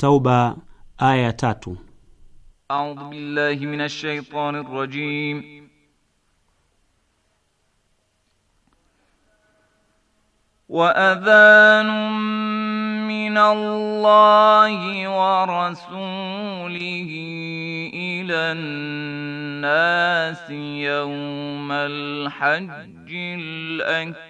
Tauba aya tatu. A'udhu billahi minash shaitani rrajim. وأذان من wa rasulihi إلى nasi يوم الحج الأكبر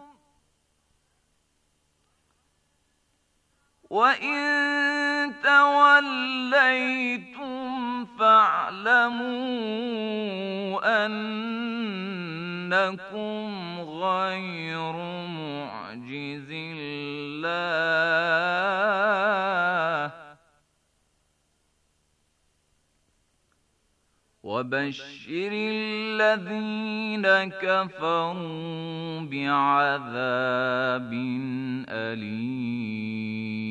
وإن توليتم فاعلموا أنكم غير الله وبشر الذين كفروا بعذاب أليم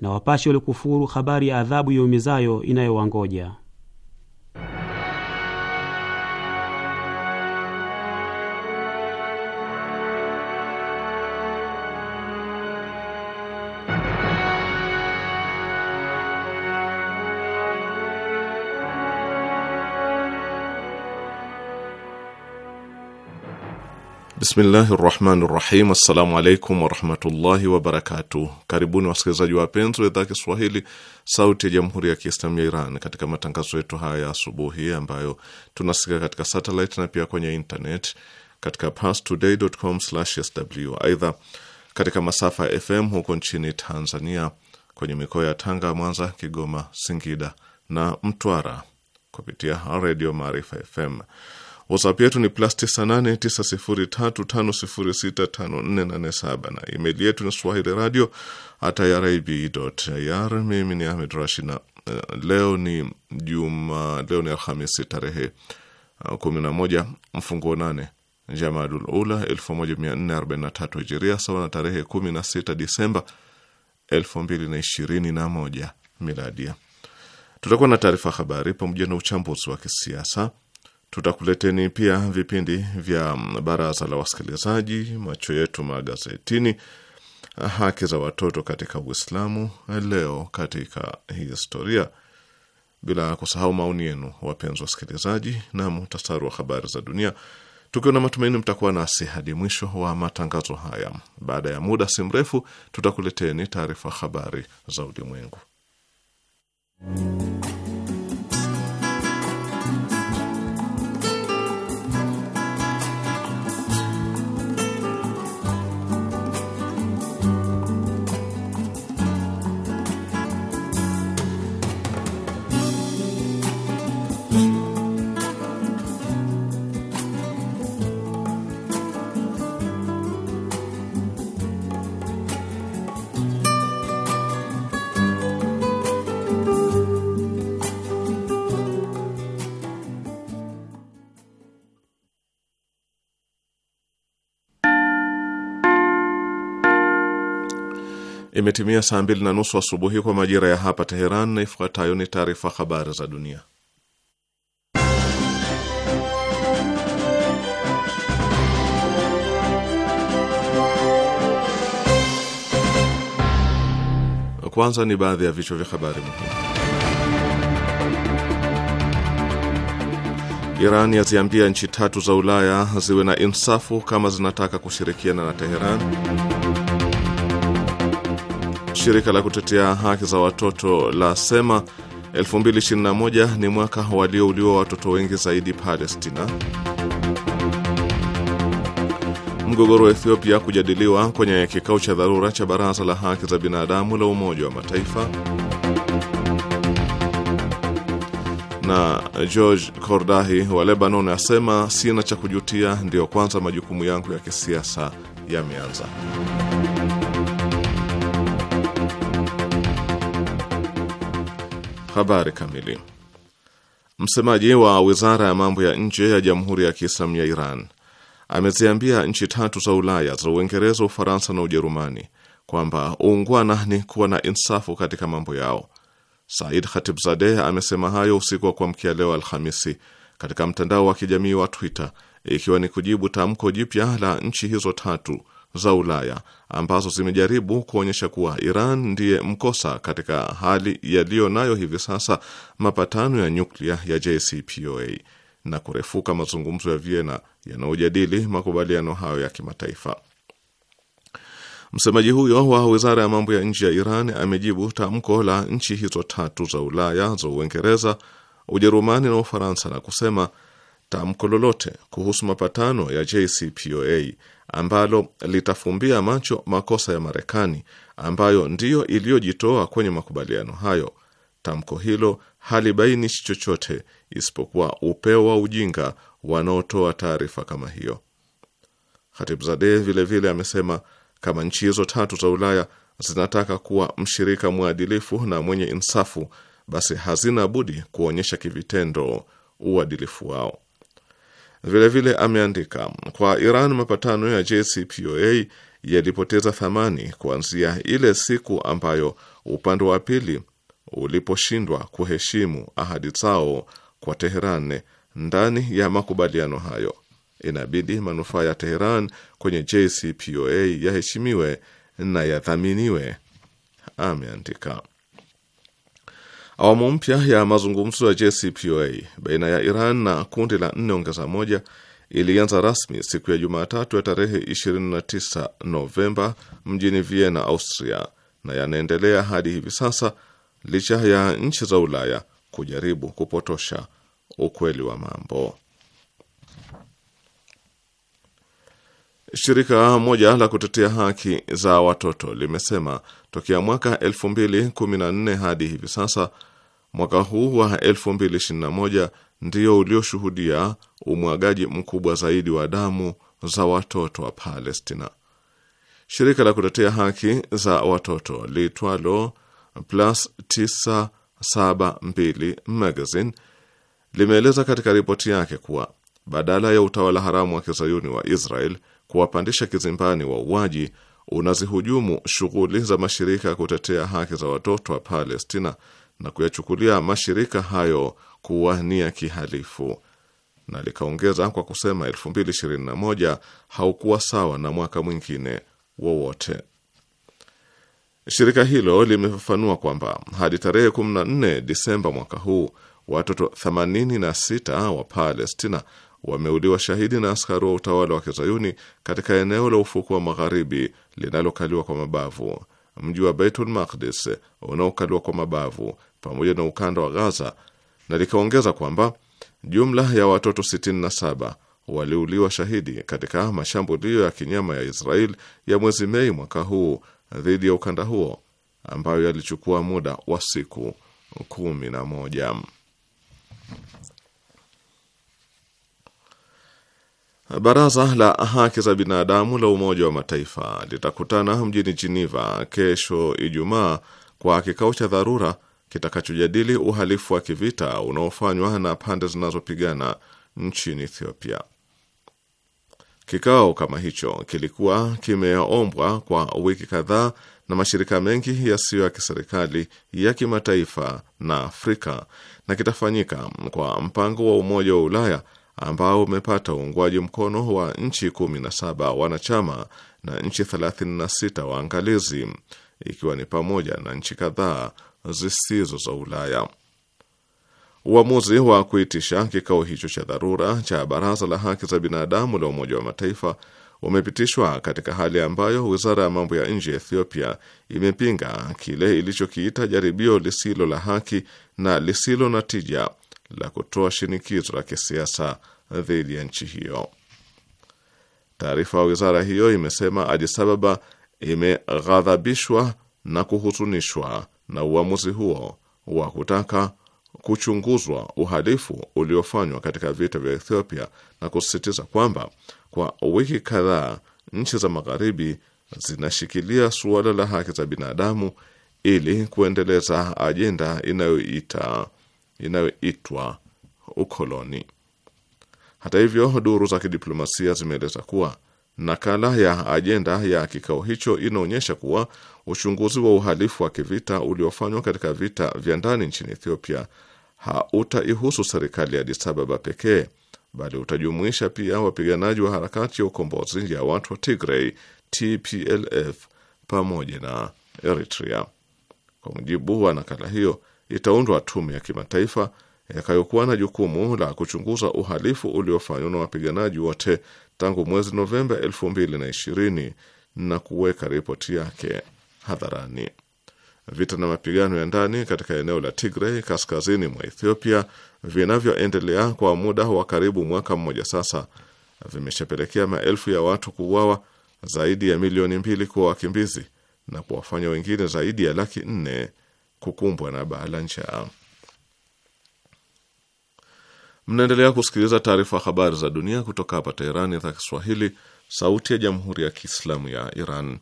na wapashe walikufuru habari ya adhabu yaumizayo inayowangoja. Bismillahi rahmani rahim. Assalamu alaikum warahmatullahi wabarakatuh. Karibuni wasikilizaji wapenzi wa idhaa Kiswahili sauti ya jamhuri ya Kiislamu ya Iran katika matangazo yetu haya ya asubuhi ambayo tunasikika katika satelit na pia kwenye internet katika pastodaycom sw Aidha, katika masafa ya FM huko nchini Tanzania kwenye mikoa ya Tanga, Mwanza, Kigoma, Singida na Mtwara kupitia Redio Maarifa FM. WhatsApp yetu ni plus 989035065487 na email yetu ni swahili radio irib.ir. Mimi ni Ahmed Rashid na eh, leo ni juma, leo ni Alhamisi tarehe 11 mfungo 8 Jamadul Ula 1443 Hijiria, sawa na tarehe 16 Disemba 2021 Miladia. Tutakuwa na taarifa habari pamoja na uchambuzi wa kisiasa Tutakuleteni pia vipindi vya baraza la wasikilizaji, macho yetu magazetini, haki za watoto katika Uislamu, leo katika historia, bila kusahau maoni yenu, wapenzi wasikilizaji, na muhtasari wa habari za dunia, tukiwa na matumaini mtakuwa nasi hadi mwisho wa matangazo haya. Baada ya muda si mrefu, tutakuleteni taarifa habari za ulimwengu. Imetimia saa mbili na nusu asubuhi kwa majira ya hapa Teheran, na ifuatayo ni taarifa habari za dunia. Kwanza ni baadhi ya vichwa vya habari muhimu. Iran yaziambia nchi tatu za Ulaya ziwe na insafu kama zinataka kushirikiana na Teheran. Shirika la kutetea haki za watoto la sema 2021 ni mwaka waliouliwa watoto wengi zaidi Palestina. Mgogoro wa Ethiopia kujadiliwa kwenye kikao cha dharura cha Baraza la Haki za Binadamu la Umoja wa Mataifa. Na George Kordahi wa Lebanon asema sina cha kujutia, ndiyo kwanza majukumu yangu ya kisiasa yameanza. Habari kamili. Msemaji wa wizara ya mambo ya nje ya Jamhuri ya Kiislamu ya Iran ameziambia nchi tatu za Ulaya za Uingereza, Ufaransa na Ujerumani kwamba uungwana ni kuwa na insafu katika mambo yao. Said Khatibzadeh amesema hayo usiku wa kuamkia leo Alhamisi katika mtandao wa kijamii wa Twitter, ikiwa ni kujibu tamko jipya la nchi hizo tatu za Ulaya ambazo zimejaribu kuonyesha kuwa Iran ndiye mkosa katika hali yaliyo nayo hivi sasa mapatano ya nyuklia ya JCPOA na kurefuka mazungumzo ya Vienna yanayojadili makubaliano hayo ya kimataifa. Msemaji huyo wa wizara ya mambo ya nje ya Iran amejibu tamko la nchi hizo tatu za Ulaya za Uingereza, Ujerumani na Ufaransa na kusema tamko lolote kuhusu mapatano ya JCPOA ambalo litafumbia macho makosa ya Marekani ambayo ndiyo iliyojitoa kwenye makubaliano hayo. Tamko hilo halibainishi chochote isipokuwa upeo wa ujinga wanaotoa taarifa kama hiyo. Khatibzadeh vilevile amesema kama nchi hizo tatu za Ulaya zinataka kuwa mshirika mwadilifu na mwenye insafu, basi hazina budi kuonyesha kivitendo uadilifu wao. Vilevile ameandika kwa Iran, mapatano ya JCPOA yalipoteza thamani kuanzia ile siku ambayo upande wa pili uliposhindwa kuheshimu ahadi zao kwa Teheran ndani ya makubaliano hayo. Inabidi manufaa ya Teheran kwenye JCPOA yaheshimiwe na yadhaminiwe, ameandika. Awamu mpya ya mazungumzo ya JCPOA baina ya Iran na kundi la nne ongeza moja ilianza rasmi siku ya Jumatatu ya tarehe 29 Novemba mjini Vienna, Austria, na yanaendelea hadi hivi sasa licha ya nchi za Ulaya kujaribu kupotosha ukweli wa mambo. Shirika moja la kutetea haki za watoto limesema tokea mwaka 2014 hadi hivi sasa Mwaka huu wa 2021 ndio ulioshuhudia umwagaji mkubwa zaidi wa damu za watoto wa Palestina. Shirika la kutetea haki za watoto liitwalo Plus 972 Magazine limeeleza katika ripoti yake kuwa badala ya utawala haramu wa kizayuni wa Israel kuwapandisha kizimbani wauaji, unazihujumu shughuli za mashirika ya kutetea haki za watoto wa Palestina na kuyachukulia mashirika hayo kuwa ni ya kihalifu, na likaongeza kwa kusema 2021 haukuwa sawa na mwaka mwingine wowote. Shirika hilo limefafanua kwamba hadi tarehe 14 Disemba mwaka huu watoto 86 wa Palestina wameuliwa shahidi na askari wa utawala wa kizayuni katika eneo la ufuku wa magharibi linalokaliwa kwa mabavu, mji wa Beitul Maqdis unaokaliwa kwa mabavu pamoja na ukanda wa Gaza, na likaongeza kwamba jumla ya watoto 67 waliuliwa shahidi katika mashambulio ya kinyama ya Israel ya mwezi Mei mwaka huu dhidi ya ukanda huo ambayo yalichukua muda wa siku 11. Baraza la haki za binadamu la Umoja wa Mataifa litakutana mjini Geneva kesho Ijumaa kwa kikao cha dharura kitakachojadili uhalifu wa kivita unaofanywa na pande zinazopigana nchini Ethiopia. Kikao kama hicho kilikuwa kimeombwa kwa wiki kadhaa na mashirika mengi yasiyo ya kiserikali ya kimataifa na Afrika na kitafanyika kwa mpango wa Umoja wa Ulaya ambao umepata uungwaji mkono wa nchi 17 wanachama na nchi 36 waangalizi ikiwa ni pamoja na nchi kadhaa zisizo za Ulaya. Uamuzi wa kuitisha kikao hicho cha dharura cha Baraza la Haki za Binadamu la Umoja wa Mataifa umepitishwa katika hali ambayo wizara ya mambo ya nje ya Ethiopia imepinga kile ilichokiita jaribio lisilo la haki na lisilo na tija la kutoa shinikizo la kisiasa dhidi ya nchi hiyo. Taarifa ya wizara hiyo imesema ajisababa Ababa imeghadhabishwa na kuhusunishwa na uamuzi huo wa kutaka kuchunguzwa uhalifu uliofanywa katika vita vya Ethiopia na kusisitiza kwamba kwa wiki kadhaa nchi za magharibi zinashikilia suala la haki za binadamu ili kuendeleza ajenda inayoita inayoitwa ukoloni. Hata hivyo, duru za kidiplomasia zimeeleza kuwa Nakala ya ajenda ya kikao hicho inaonyesha kuwa uchunguzi wa uhalifu wa kivita uliofanywa katika vita vya ndani nchini Ethiopia hautaihusu serikali ya Addis Ababa pekee bali utajumuisha pia wapiganaji wa harakati ya ukombozi ya watu wa Tigray TPLF pamoja na Eritrea. Kwa mujibu wa nakala hiyo, itaundwa tume ya kimataifa yakayokuwa eh, na jukumu la kuchunguza uhalifu uliofanywa na wapiganaji wote tangu mwezi Novemba 2020 na kuweka ripoti yake hadharani. Vita na mapigano ya ndani katika eneo la Tigray kaskazini mwa Ethiopia vinavyoendelea kwa muda wa karibu mwaka mmoja sasa vimeshapelekea maelfu ya watu kuuawa, zaidi ya milioni mbili kuwa wakimbizi na kuwafanya wengine zaidi ya laki nne kukumbwa na baa la njaa. Mnaendelea kusikiliza taarifa ya habari za dunia kutoka hapa Teherani, idhaa Kiswahili, sauti ya jamhuri ya kiislamu ya Iran.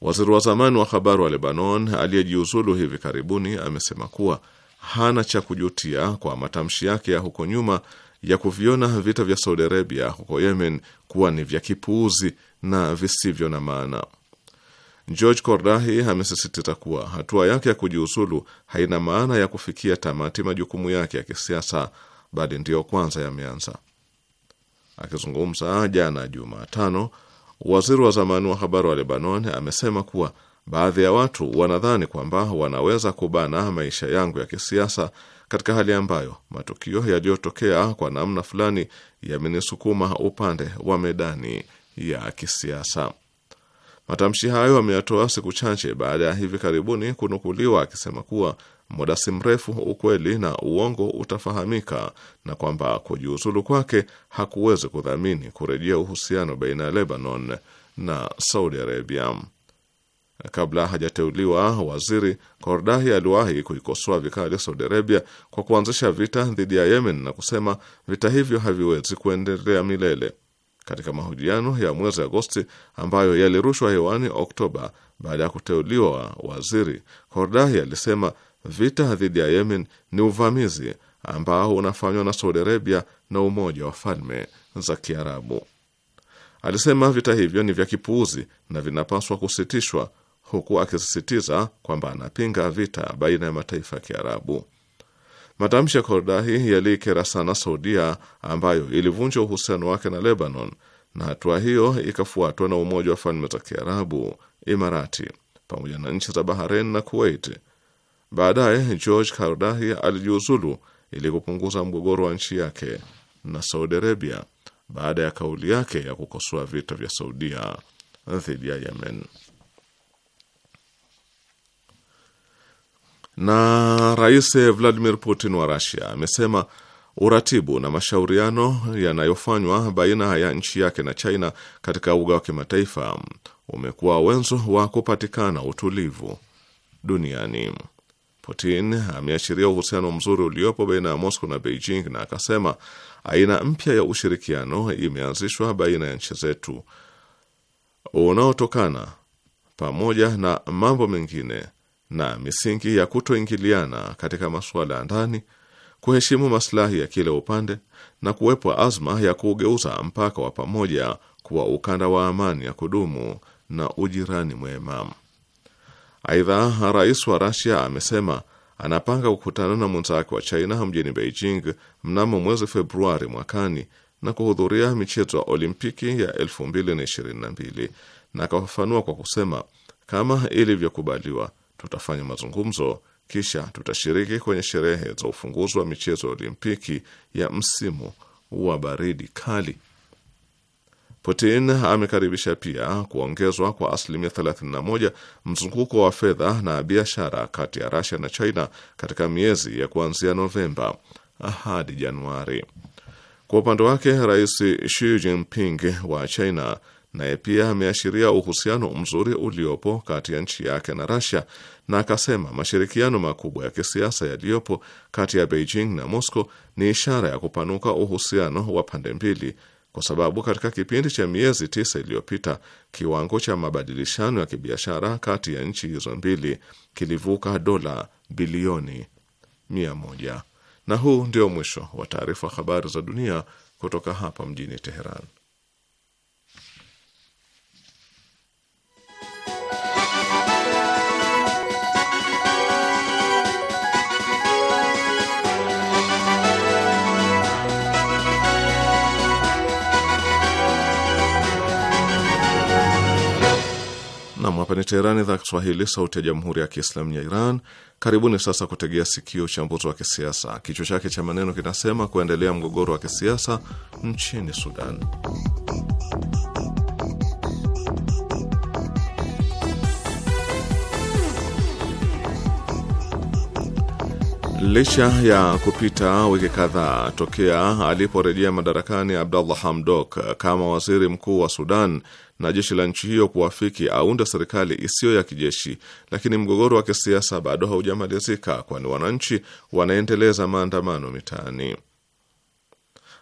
Waziri wa zamani wa habari wa Lebanon aliyejiuzulu hivi karibuni amesema kuwa hana cha kujutia kwa matamshi yake ya huko nyuma ya kuviona vita vya Saudi Arabia huko Yemen kuwa ni vya kipuuzi na visivyo na maana. George Kordahi amesisitiza kuwa hatua yake ya kujiuzulu haina maana ya kufikia tamati majukumu yake ya kisiasa bali ndiyo kwanza yameanza. Akizungumza jana Jumatano, waziri wa zamani wa habari wa Lebanon amesema kuwa baadhi ya watu wanadhani kwamba wanaweza kubana maisha yangu ya kisiasa katika hali ambayo matukio yaliyotokea kwa namna fulani yamenisukuma upande wa medani ya kisiasa. Matamshi hayo ameyatoa siku chache baada ya hivi karibuni kunukuliwa akisema kuwa muda si mrefu ukweli na uongo utafahamika na kwamba kujiuzulu kwake hakuwezi kudhamini kurejea uhusiano baina ya Lebanon na Saudi Arabia. Kabla hajateuliwa waziri, Kordahi aliwahi kuikosoa vikali Saudi Arabia kwa kuanzisha vita dhidi ya Yemen na kusema vita hivyo haviwezi kuendelea milele katika mahojiano ya mwezi Agosti ambayo yalirushwa hewani Oktoba baada ya kuteuliwa waziri, Kordahi alisema vita dhidi ya Yemen ni uvamizi ambao unafanywa na Saudi Arabia na Umoja wa Falme za Kiarabu. Alisema vita hivyo ni vya kipuuzi na vinapaswa kusitishwa, huku akisisitiza kwamba anapinga vita baina ya mataifa ya Kiarabu. Matamshi ya Kordahi yaliikera sana Saudia ambayo ilivunja uhusiano wake na Lebanon, na hatua hiyo ikafuatwa na Umoja wa Falme za Kiarabu, Imarati, pamoja na nchi za Bahrain na Kuwait. Baadaye George Kardahi alijiuzulu ili kupunguza mgogoro wa nchi yake na Saudi Arabia baada ya kauli yake ya kukosoa vita vya Saudia dhidi ya Yemen. Na Rais Vladimir Putin wa Russia amesema uratibu na mashauriano yanayofanywa baina ya nchi yake na China katika uga wa kimataifa umekuwa wenzo wa kupatikana utulivu duniani. Putin ameashiria uhusiano mzuri uliopo baina ya Moscow na Beijing na akasema aina mpya ya ushirikiano imeanzishwa baina ya nchi zetu unaotokana pamoja na mambo mengine na misingi ya kutoingiliana katika masuala ya ndani, kuheshimu maslahi ya kila upande na kuwepo azma ya kuugeuza mpaka wa pamoja kuwa ukanda wa amani ya kudumu na ujirani mwema. Aidha, rais wa Rasia amesema anapanga kukutana na mwenzake wa China mjini Beijing mnamo mwezi Februari mwakani na kuhudhuria michezo ya Olimpiki ya 2022 na akafafanua kwa kusema, kama ilivyokubaliwa tutafanya mazungumzo, kisha tutashiriki kwenye sherehe za ufunguzi wa michezo ya Olimpiki ya msimu wa baridi kali. Putin amekaribisha pia kuongezwa kwa asilimia 31 mzunguko wa fedha na biashara kati ya Russia na China katika miezi ya kuanzia Novemba hadi Januari. Kwa upande wake, Rais Xi Jinping wa China naye pia ameashiria uhusiano mzuri uliopo kati ya nchi yake na Russia na akasema mashirikiano makubwa ya kisiasa yaliyopo kati ya Beijing na Moscow ni ishara ya kupanuka uhusiano wa pande mbili, kwa sababu katika kipindi cha miezi tisa iliyopita kiwango cha mabadilishano ya kibiashara kati ya nchi hizo mbili kilivuka dola bilioni mia moja. Na huu ndio mwisho wa taarifa habari za dunia kutoka hapa mjini Teheran. Nam, hapa ni Teherani, idhaa Kiswahili, sauti ya jamhuri ya kiislamu ya Iran. Karibuni sasa kutegea sikio uchambuzi wa kisiasa, kichwa chake cha maneno kinasema kuendelea mgogoro wa kisiasa nchini Sudan. Licha ya kupita wiki kadhaa tokea aliporejea madarakani Abdallah Hamdok kama waziri mkuu wa Sudan na jeshi la nchi hiyo kuwafiki aunde serikali isiyo ya kijeshi, lakini mgogoro wa kisiasa bado haujamalizika, kwani wananchi wanaendeleza maandamano mitaani.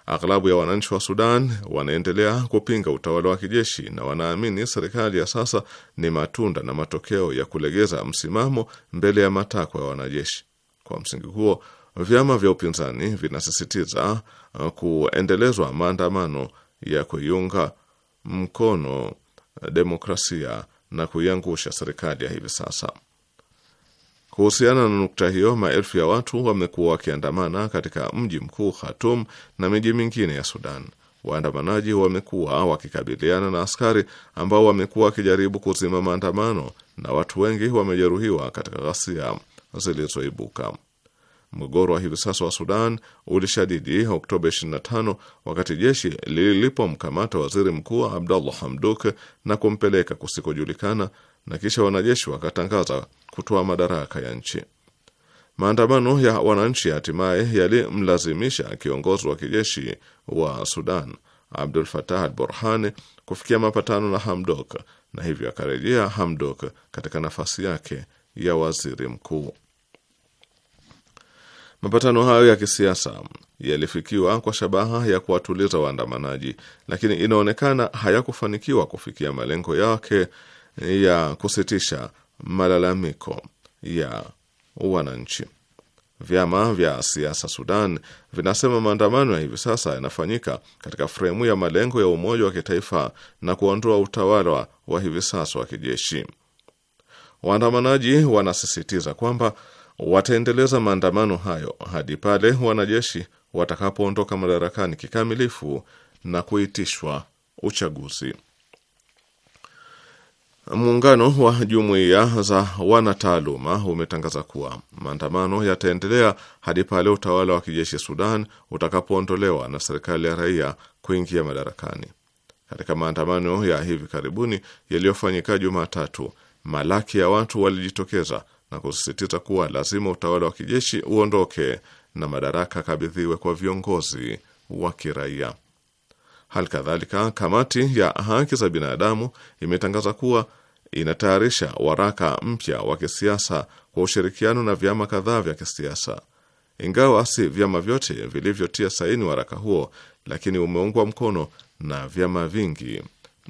Aghlabu ya wananchi wa Sudan wanaendelea kupinga utawala wa kijeshi na wanaamini serikali ya sasa ni matunda na matokeo ya kulegeza msimamo mbele ya matakwa ya wanajeshi. Kwa msingi huo, vyama vya upinzani vinasisitiza uh, kuendelezwa maandamano ya kuiunga mkono demokrasia na kuiangusha serikali ya hivi sasa. Kuhusiana na nukta hiyo, maelfu ya watu wamekuwa wakiandamana katika mji mkuu Khartoum na miji mingine ya Sudan. Waandamanaji wamekuwa wakikabiliana na askari ambao wamekuwa wakijaribu kuzima maandamano na watu wengi wamejeruhiwa katika ghasia zilizoibuka. Mgogoro wa hivi sasa wa Sudan ulishadidi Oktoba 25 wakati jeshi lilipomkamata waziri mkuu Abdallah Hamduk na kumpeleka kusikojulikana, na kisha wanajeshi wakatangaza kutoa madaraka ya nchi. Maandamano ya wananchi hatimaye yalimlazimisha kiongozi wa kijeshi wa Sudan Abdul Fatah al Burhan kufikia mapatano na Hamdok na hivyo akarejea Hamdok katika nafasi yake ya waziri mkuu. Mapatano hayo ya kisiasa yalifikiwa kwa shabaha ya kuwatuliza waandamanaji, lakini inaonekana hayakufanikiwa kufikia malengo yake ya kusitisha malalamiko ya wananchi. Vyama vya siasa Sudan vinasema maandamano ya hivi sasa yanafanyika katika fremu ya malengo ya umoja wa kitaifa na kuondoa utawala wa hivi sasa wa kijeshi. Waandamanaji wanasisitiza kwamba wataendeleza maandamano hayo hadi pale wanajeshi watakapoondoka madarakani kikamilifu na kuitishwa uchaguzi. Muungano wa jumuiya za wanataaluma umetangaza kuwa maandamano yataendelea hadi pale utawala wa kijeshi Sudan utakapoondolewa na serikali ya raia kuingia madarakani. Katika maandamano ya hivi karibuni yaliyofanyika Jumatatu, malaki ya watu walijitokeza na kusisitiza kuwa lazima utawala wa kijeshi uondoke na madaraka akabidhiwe kwa viongozi wa kiraia. Hali kadhalika, kamati ya haki za binadamu imetangaza kuwa inatayarisha waraka mpya wa kisiasa kwa ushirikiano na vyama kadhaa vya kisiasa. Ingawa si vyama vyote vilivyotia saini waraka huo, lakini umeungwa mkono na vyama vingi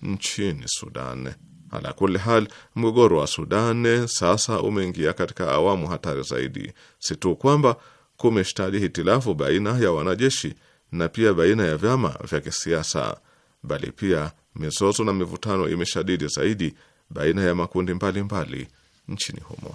nchini Sudan. Ala kuli hal, mgogoro wa Sudan sasa umeingia katika awamu hatari zaidi, si tu kwamba kumeshtadi hitilafu baina ya wanajeshi na pia baina ya vyama vya kisiasa, bali pia mizozo na mivutano imeshadidi zaidi baina ya makundi mbalimbali mbali nchini humo.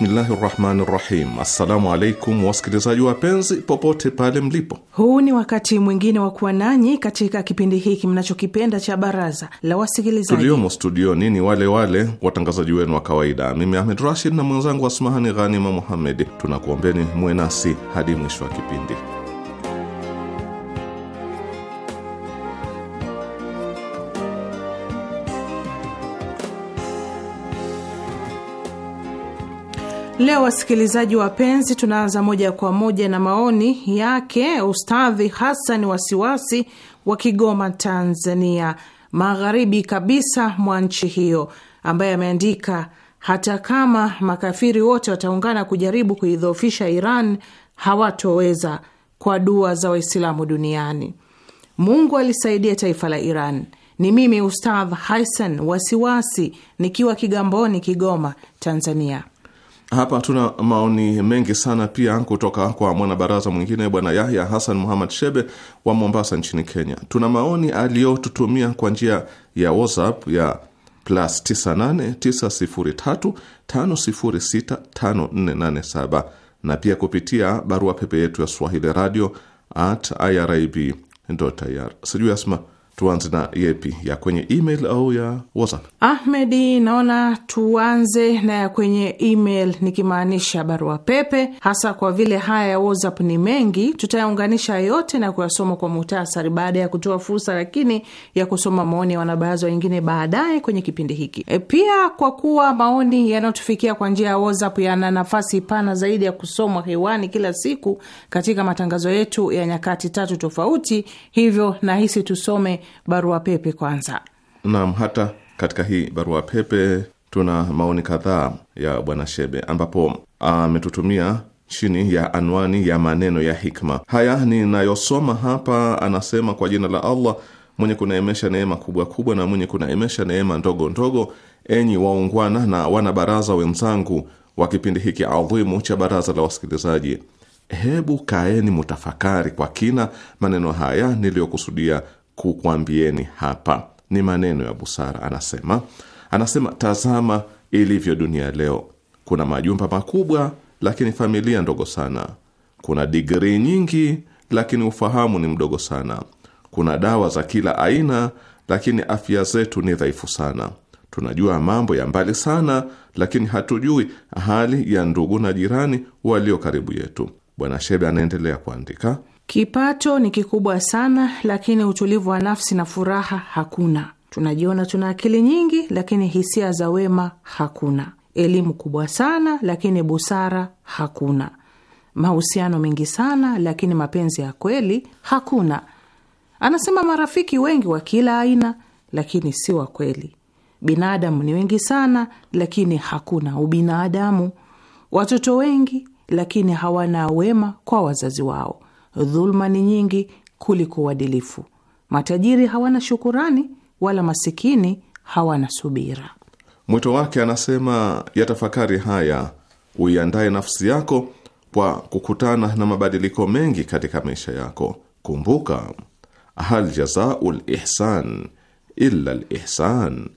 Bismillahi rahmani rahim. Assalamu alaikum wasikilizaji wapenzi, popote pale mlipo, huu ni wakati mwingine wa kuwa nanyi katika kipindi hiki mnachokipenda cha baraza la wasikilizaji. Tuliomo studioni ni wale wale watangazaji wenu wa kawaida, mimi Ahmed Rashid na mwenzangu Asmahani Ghanima Muhammedi. Tunakuombeni muwe nasi hadi mwisho wa kipindi. Leo wasikilizaji wapenzi, tunaanza moja kwa moja na maoni yake Ustadhi Hassan Wasiwasi wa Kigoma, Tanzania, magharibi kabisa mwa nchi hiyo, ambaye ameandika hata kama makafiri wote wataungana kujaribu kuidhoofisha Iran hawatoweza, kwa dua za Waislamu duniani. Mungu alisaidia taifa la Iran. Ni mimi Ustadh Hassan Wasiwasi nikiwa Kigamboni, Kigoma, Tanzania. Hapa tuna maoni mengi sana pia kutoka kwa mwanabaraza mwingine Bwana Yahya Hassan Muhammad Shebe wa Mombasa nchini Kenya. Tuna maoni aliyotutumia kwa njia ya WhatsApp ya plus 989035065487 na pia kupitia barua pepe yetu ya Swahili radio at irib.ir. Sijui Asma, tuanze na yepi ya kwenye email au ya WhatsApp? Ahmedi, naona tuanze na ya kwenye email, nikimaanisha barua pepe, hasa kwa vile haya ya WhatsApp ni mengi. Tutayaunganisha yote na kuyasoma kwa muhtasari baada ya kutoa fursa lakini ya kusoma maoni ya wanabaraza wengine baadaye kwenye kipindi hiki. E, pia kwa kuwa maoni yanayotufikia kwa njia ya WhatsApp yana nafasi pana zaidi ya kusomwa hewani kila siku katika matangazo yetu ya nyakati tatu tofauti, hivyo nahisi tusome barua pepe kwanza. Naam, hata katika hii barua pepe tuna maoni kadhaa ya Bwana Shebe ambapo ametutumia chini ya anwani ya maneno ya hikma. Haya ninayosoma hapa, anasema kwa jina la Allah mwenye kunaemesha neema kubwa kubwa na mwenye kunaemesha neema ndogo ndogo. Enyi waungwana na wanabaraza wenzangu wa kipindi hiki adhimu cha baraza la wasikilizaji, hebu kaeni mutafakari kwa kina maneno haya niliyokusudia kukwambieni hapa ni maneno ya busara. Anasema, anasema tazama ilivyo dunia leo. Kuna majumba makubwa lakini familia ndogo sana. Kuna digrii nyingi lakini ufahamu ni mdogo sana. Kuna dawa za kila aina lakini afya zetu ni dhaifu sana. Tunajua mambo ya mbali sana, lakini hatujui hali ya ndugu na jirani walio karibu yetu. Bwana Shebe anaendelea kuandika Kipato ni kikubwa sana, lakini utulivu wa nafsi na furaha hakuna. Tunajiona tuna akili nyingi, lakini hisia za wema hakuna. Elimu kubwa sana, lakini busara hakuna. Mahusiano mengi sana, lakini mapenzi ya kweli hakuna. Anasema marafiki wengi wa kila aina, lakini si wa kweli. Binadamu ni wengi sana, lakini hakuna ubinadamu. Watoto wengi, lakini hawana wema kwa wazazi wao dhuluma ni nyingi kuliko uadilifu. Matajiri hawana shukurani wala masikini hawana subira. Mwito wake anasema, yatafakari haya uiandaye nafsi yako kwa kukutana na mabadiliko mengi katika maisha yako. Kumbuka, hal jazau lihsan illa lihsan,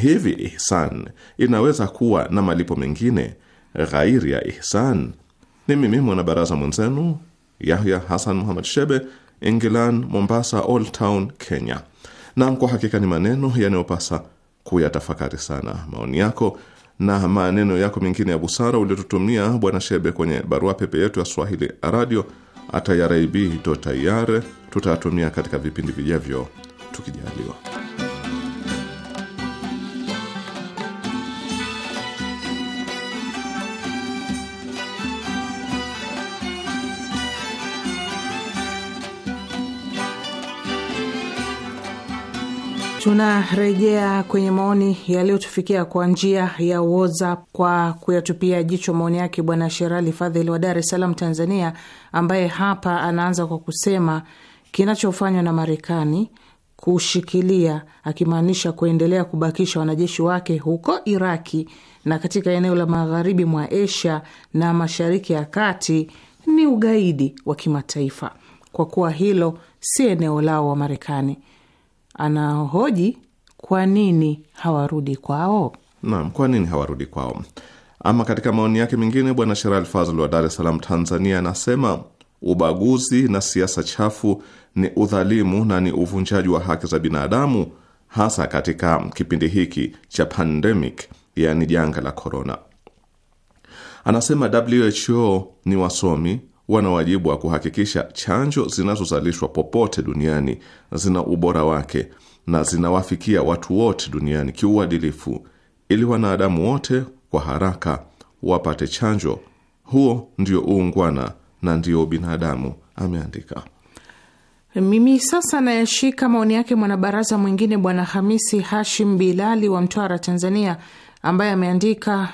hivi ihsan inaweza kuwa na malipo mengine ghairi ya ihsan? Ni mimi mwanabaraza mwenzenu Yahya Hassan Muhammad Shebe, Engelan, Mombasa, Old Town, Kenya. Naam, kwa hakika ni maneno yanayopasa kuyatafakari sana. Maoni yako na maneno yako mengine ya busara uliotutumia Bwana Shebe kwenye barua pepe yetu ya Swahili radio tayari tutayatumia katika vipindi vijavyo tukijaliwa. Tunarejea kwenye maoni yaliyotufikia kwa njia ya WhatsApp kwa kuyatupia jicho maoni yake Bwana Sherali Fadhili wa Dar es Salaam, Tanzania, ambaye hapa anaanza kwa kusema kinachofanywa na Marekani kushikilia, akimaanisha kuendelea kubakisha wanajeshi wake huko Iraki na katika eneo la magharibi mwa Asia na mashariki ya kati ni ugaidi wa kimataifa, kwa kuwa hilo si eneo lao wa Marekani anahoji kwa nini hawarudi kwao. Naam, kwa nini hawarudi kwao? Ama katika maoni yake mengine, Bwana Sheral Fazl wa Dar es Salaam, Tanzania, anasema ubaguzi na siasa chafu ni udhalimu na ni uvunjaji wa haki za binadamu, hasa katika kipindi hiki cha pandemic, yaani janga la korona. Anasema WHO ni wasomi wana wajibu wa kuhakikisha chanjo zinazozalishwa popote duniani zina ubora wake na zinawafikia watu wote duniani kiuadilifu, ili wanadamu wote kwa haraka wapate chanjo. Huo ndio uungwana na ndio binadamu, ameandika. Mimi sasa nayashika maoni yake mwanabaraza mwingine Bwana Hamisi Hashim Bilali wa Mtwara, Tanzania, ambaye ameandika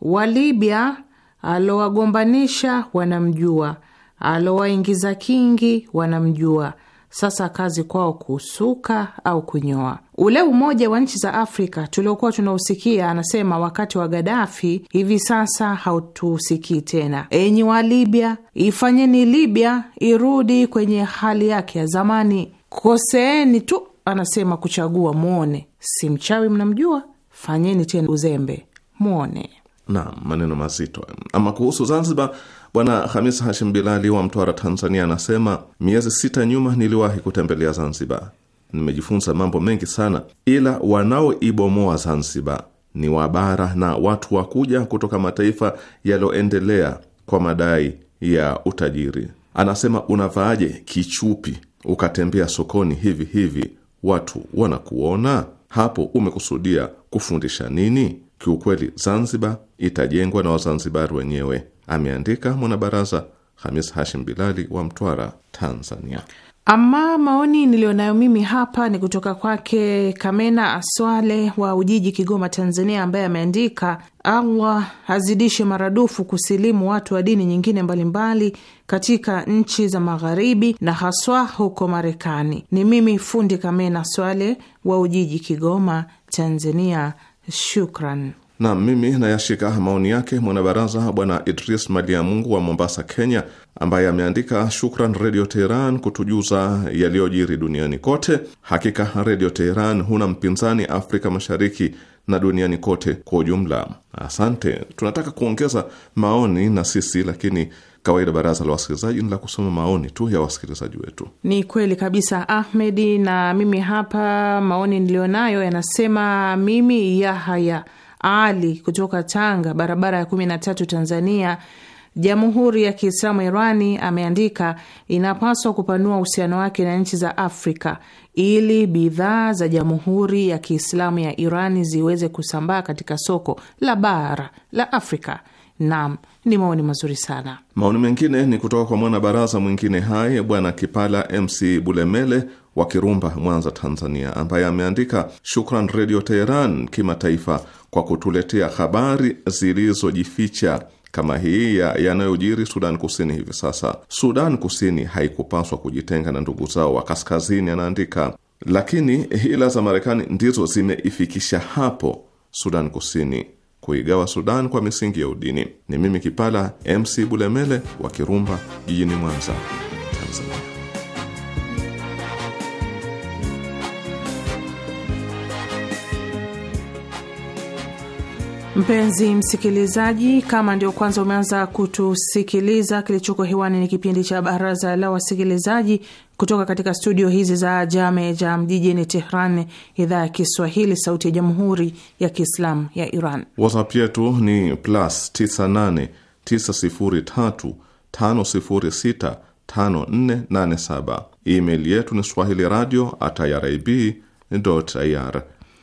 Walibya alowagombanisha wanamjua, alowaingiza kingi wanamjua. Sasa kazi kwao kusuka au kunyoa. Ule umoja wa nchi za Afrika tuliokuwa tunausikia, anasema wakati wa Gadafi, hivi sasa hautusikii tena. Enyi wa Libya, ifanyeni Libya irudi kwenye hali yake ya zamani. Koseeni tu, anasema kuchagua, mwone. Si mchawi mnamjua, fanyeni tena uzembe, mwone na maneno mazito. Ama kuhusu Zanzibar, Bwana Hamis Hashim Bilali wa Mtwara, Tanzania, anasema miezi sita nyuma niliwahi kutembelea Zanzibar, nimejifunza mambo mengi sana, ila wanaoibomoa Zanzibar ni wabara na watu wa kuja kutoka mataifa yaliyoendelea kwa madai ya utajiri. Anasema unavaaje kichupi ukatembea sokoni hivi hivi, watu wanakuona hapo, umekusudia kufundisha nini? Kiukweli Zanzibar itajengwa na Wazanzibari wenyewe, ameandika mwanabaraza Hamis Hashim Bilali wa Mtwara, Tanzania. Ama maoni niliyonayo mimi hapa ni kutoka kwake Kamena Aswale wa Ujiji, Kigoma, Tanzania, ambaye ameandika Allah azidishe maradufu kusilimu watu wa dini nyingine mbalimbali mbali katika nchi za magharibi na haswa huko Marekani. Ni mimi fundi Kamena Aswale wa Ujiji, Kigoma, Tanzania. Shukran. Na mimi nayashika maoni yake mwanabaraza Bwana Idris Maliamungu wa Mombasa, Kenya, ambaye ameandika shukran Redio Teheran kutujuza yaliyojiri duniani kote. Hakika Redio Teheran huna mpinzani Afrika Mashariki na duniani kote kwa ujumla. Asante. Tunataka kuongeza maoni na sisi lakini Kawaida baraza la wasikilizaji ni la kusoma maoni tu ya wasikilizaji wetu. Ni kweli kabisa, Ahmedi. Na mimi hapa maoni niliyonayo yanasema, mimi Yahaya Ali kutoka Tanga, barabara ya kumi na tatu, Tanzania, Jamhuri ya Kiislamu Irani ameandika inapaswa kupanua uhusiano wake na nchi za Afrika ili bidhaa za Jamhuri ya Kiislamu ya Irani ziweze kusambaa katika soko la bara la Afrika. Naam, ni maoni mazuri sana. Maoni mengine ni kutoka kwa mwanabaraza mwingine hai Bwana Kipala MC Bulemele wa Kirumba, Mwanza, Tanzania, ambaye ameandika shukran Redio Teheran kimataifa kwa kutuletea habari zilizojificha kama hii ya yanayojiri Sudan Kusini hivi sasa. Sudan Kusini haikupaswa kujitenga na ndugu zao wa kaskazini, anaandika, lakini hila za Marekani ndizo zimeifikisha hapo Sudan Kusini kuigawa Sudan kwa misingi ya udini. Ni mimi Kipala MC Bulemele wa Kirumba jijini Mwanza, Tanzania. Mpenzi msikilizaji, kama ndio kwanza umeanza kutusikiliza, kilichoko hewani ni kipindi cha Baraza la Wasikilizaji kutoka katika studio hizi za Jame Jam jijini Tehran, idhaa ya Kiswahili, sauti ya Jamhuri ya Kiislamu ya Iran. WhatsApp yetu ni plus 989035065487. Email yetu ni swahili radio at irib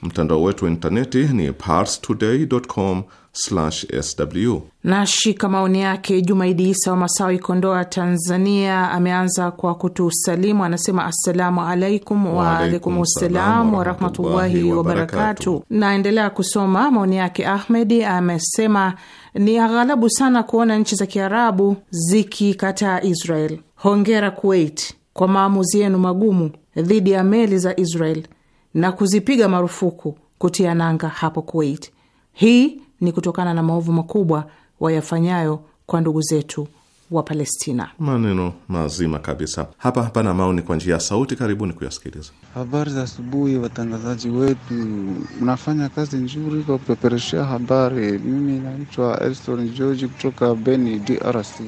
Mtandao wetu wa intaneti ni parstoday.com/sw. Nashika maoni yake Jumaidi Isa wa Masawi, Kondoa, Tanzania. Ameanza kwa kutusalimu, anasema assalamu alaikum. Waalaikum wassalam warahmatullahi wabarakatu. Naendelea kusoma maoni yake Ahmedi, amesema ni aghalabu sana kuona nchi za Kiarabu zikikataa Israel. Hongera Kuwait kwa maamuzi yenu magumu dhidi ya meli za Israel na kuzipiga marufuku kutia nanga hapo Kuwait. Hii ni kutokana na maovu makubwa wayafanyayo kwa ndugu zetu wa Palestina. Maneno mazima kabisa. Hapa pana maoni kwa njia ya sauti, karibuni kuyasikiliza. Habari za asubuhi, watangazaji wetu, mnafanya kazi nzuri kwa kupepereshea habari. Mimi naitwa Elson George kutoka Beni, DRC.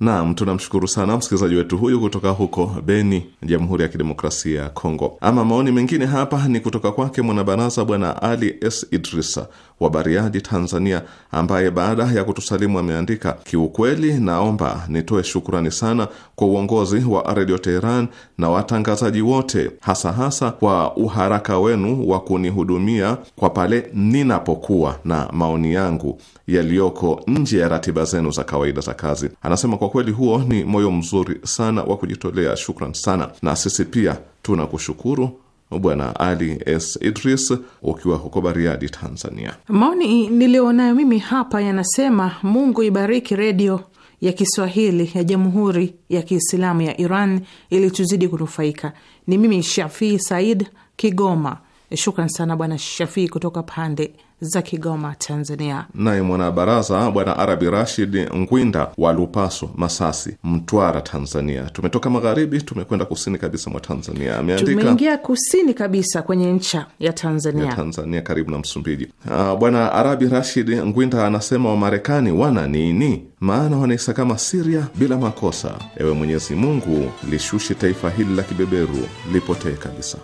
Naam, tunamshukuru sana msikilizaji wetu huyu kutoka huko Beni, Jamhuri ya Kidemokrasia ya Kongo. Ama maoni mengine hapa ni kutoka kwake mwanabaraza Bwana Ali S Idrisa wa Bariadi, Tanzania, ambaye baada ya kutusalimu ameandika, kiukweli naomba nitoe shukrani sana kwa uongozi wa Redio Teheran na watangazaji wote, hasa hasa kwa uharaka wenu wa kunihudumia kwa pale ninapokuwa na maoni yangu yaliyoko nje ya ratiba zenu za kawaida za kazi. Anasema kwa kweli huo ni moyo mzuri sana wa kujitolea. Shukran sana, na sisi pia tunakushukuru Bwana Ali S Idris ukiwa huko Bariadi, Tanzania. Maoni niliyonayo mimi hapa yanasema Mungu ibariki redio ya Kiswahili ya Jamhuri ya Kiislamu ya Iran ili tuzidi kunufaika. Ni mimi Shafii Said, Kigoma. Eh, shukran sana bwana Shafii kutoka pande za Kigoma, Tanzania. Naye mwanabaraza bwana Arabi Rashid Ngwinda wa Lupaso, Masasi, Mtwara, Tanzania. Tumetoka magharibi, tumekwenda kusini kabisa mwa Tanzania. Ameandika tumeingia kusini kabisa kwenye ncha ya Tanzania, ya Tanzania karibu na Msumbiji. Ah, bwana Arabi Rashid Ngwinda anasema Wamarekani wana nini? Maana wanaisa kama Siria bila makosa. Ewe Mwenyezi Mungu, lishushe taifa hili la kibeberu, lipotee kabisa.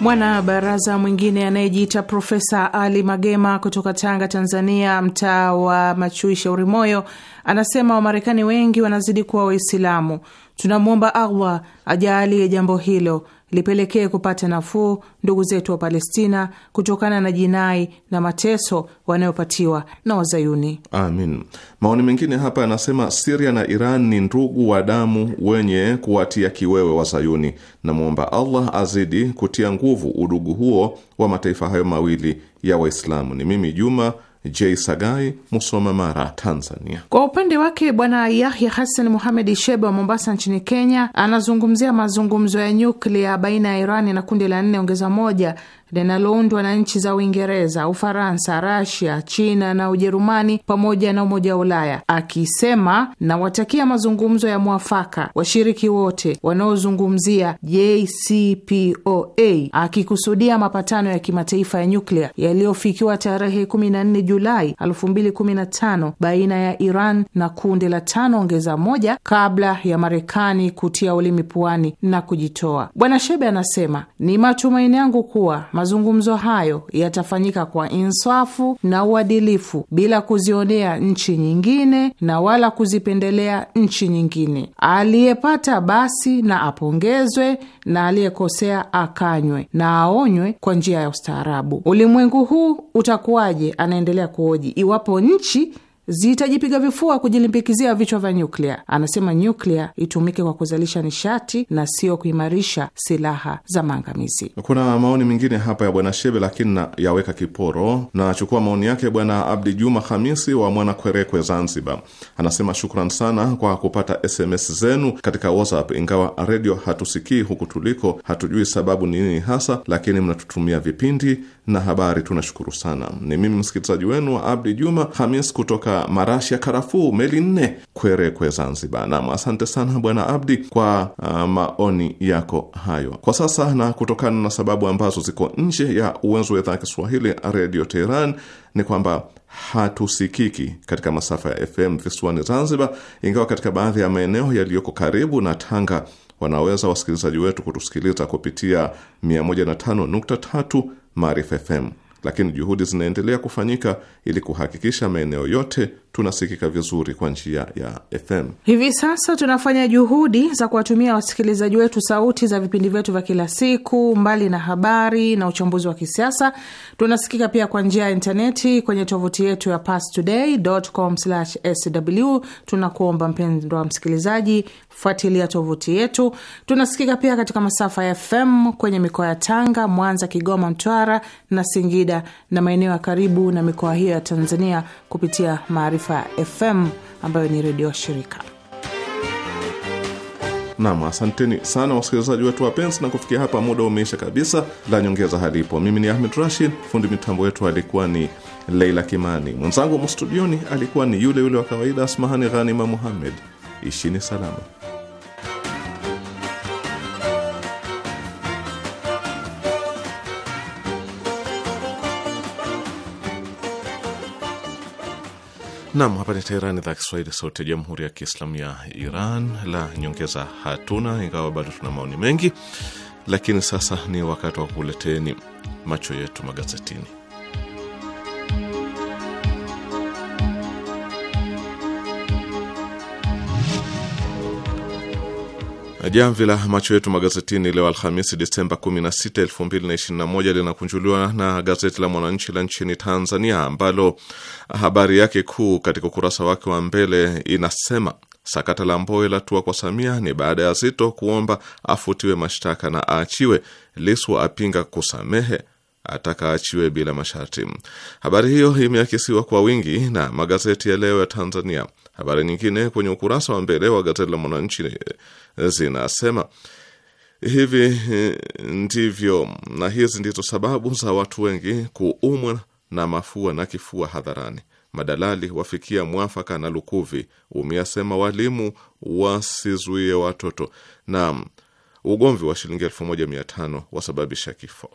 Mwanabaraza mwingine anayejiita Profesa Ali Magema kutoka Tanga, Tanzania, mtaa wa Machui, Shauri Moyo, anasema Wamarekani wengi wanazidi kuwa Waislamu. Tunamwomba Allah ajaalie jambo hilo lipelekee kupata nafuu ndugu zetu wa Palestina kutokana na jinai na mateso wanayopatiwa na Wazayuni. Amin. Maoni mengine hapa yanasema Siria na Iran ni ndugu wa damu wenye kuwatia kiwewe Wazayuni. Namwomba Allah azidi kutia nguvu udugu huo wa mataifa hayo mawili ya Waislamu. Ni mimi Juma J Sagai, Musoma, Mara, Tanzania. Kwa upande wake Bwana Yahya Hassan Muhamedi Shebe wa Mombasa nchini Kenya anazungumzia mazungumzo ya nyuklia baina ya Irani na kundi la nne ongeza moja linaloundwa na nchi za Uingereza, Ufaransa, Rasia, China na Ujerumani pamoja na Umoja wa Ulaya, akisema nawatakia mazungumzo ya mwafaka washiriki wote wanaozungumzia JCPOA, akikusudia mapatano ya kimataifa ya nyuklia yaliyofikiwa tarehe 14 Julai 2015 baina ya Iran na kundi la tano ongeza moja kabla ya Marekani kutia ulimi puani na kujitoa. Bwana Shebe anasema ni matumaini yangu kuwa Mazungumzo hayo yatafanyika kwa insafu na uadilifu bila kuzionea nchi nyingine na wala kuzipendelea nchi nyingine. Aliyepata basi na apongezwe, na aliyekosea akanywe na aonywe kwa njia ya ustaarabu. Ulimwengu huu utakuwaje, anaendelea kuhoji, iwapo nchi zitajipiga vifua kujilimbikizia vichwa vya nyuklia. Anasema nyuklia itumike kwa kuzalisha nishati na sio kuimarisha silaha za maangamizi. Kuna maoni mengine hapa ya Bwana Shebe, lakini na yaweka kiporo. Nachukua maoni yake Bwana Abdi Juma Hamisi wa Mwanakwerekwe, Zanzibar. Anasema shukran sana kwa kupata SMS zenu katika WhatsApp, ingawa redio hatusikii huku tuliko, hatujui sababu ni nini hasa, lakini mnatutumia vipindi na habari. Tunashukuru sana. Ni mimi msikilizaji wenu wa Abdi Juma Hamis kutoka marashi ya karafuu, meli nne, Kwerekwe, Zanzibar. Nam, asante sana Bwana Abdi kwa uh, maoni yako hayo. Kwa sasa na kutokana na sababu ambazo ziko nje ya uwezo wa idhaa ya Kiswahili Redio Teheran ni kwamba hatusikiki katika masafa ya FM visiwani Zanzibar, ingawa katika baadhi ya maeneo yaliyoko karibu na Tanga wanaweza wasikilizaji wetu kutusikiliza kupitia 105.3 Maarifa FM lakini juhudi zinaendelea kufanyika ili kuhakikisha maeneo yote tunasikika vizuri kwa njia ya FM. Hivi sasa tunafanya juhudi za kuwatumia wasikilizaji wetu sauti za vipindi vyetu vya kila siku. Mbali na habari na uchambuzi wa kisiasa, tunasikika pia kwa njia ya intaneti kwenye tovuti yetu ya pastoday.com/sw. Tunakuomba mpendwa msikilizaji, fuatilia tovuti yetu. Tunasikika pia katika masafa ya FM kwenye mikoa ya Tanga, Mwanza, Kigoma, Mtwara na Singida Singida na maeneo ya karibu na mikoa hiyo ya Tanzania kupitia Maarifa FM ambayo ni redio shirika. Nam, asanteni sana wasikilizaji wetu wapenzi, na kufikia hapa muda umeisha kabisa, la nyongeza halipo. Mimi ni Ahmed Rashid, fundi mitambo wetu alikuwa ni Leila Kimani, mwenzangu mstudioni alikuwa ni yule yule wa kawaida Asmahani Ghanima Muhammed. Ishini salama. Nam, hapa ni Teherani, idhaa Kiswahili, sauti ya jamhuri ya kiislamu ya Iran. La nyongeza hatuna, ingawa bado tuna maoni mengi, lakini sasa ni wakati wa kuleteni macho yetu magazetini. Jamvi la macho yetu magazetini leo Alhamisi, Disemba 16, 2021 linakunjuliwa na gazeti la Mwananchi la nchini Tanzania, ambalo habari yake kuu katika ukurasa wake wa mbele inasema sakata la la tua kwa Samia ni baada ya Zito kuomba afutiwe mashtaka na aachiwe. Lissu apinga kusamehe, ataka aachiwe bila masharti. Habari hiyo imeakisiwa kwa wingi na magazeti ya leo ya Tanzania Habari nyingine kwenye ukurasa wa mbele wa gazeti la Mwananchi eh, zinasema hivi eh, ndivyo, na hizi ndizo sababu za watu wengi kuumwa na mafua na kifua hadharani. Madalali wafikia mwafaka na Lukuvi, umiasema walimu wasizuie watoto, na ugomvi wa shilingi tano wasababisha kifo.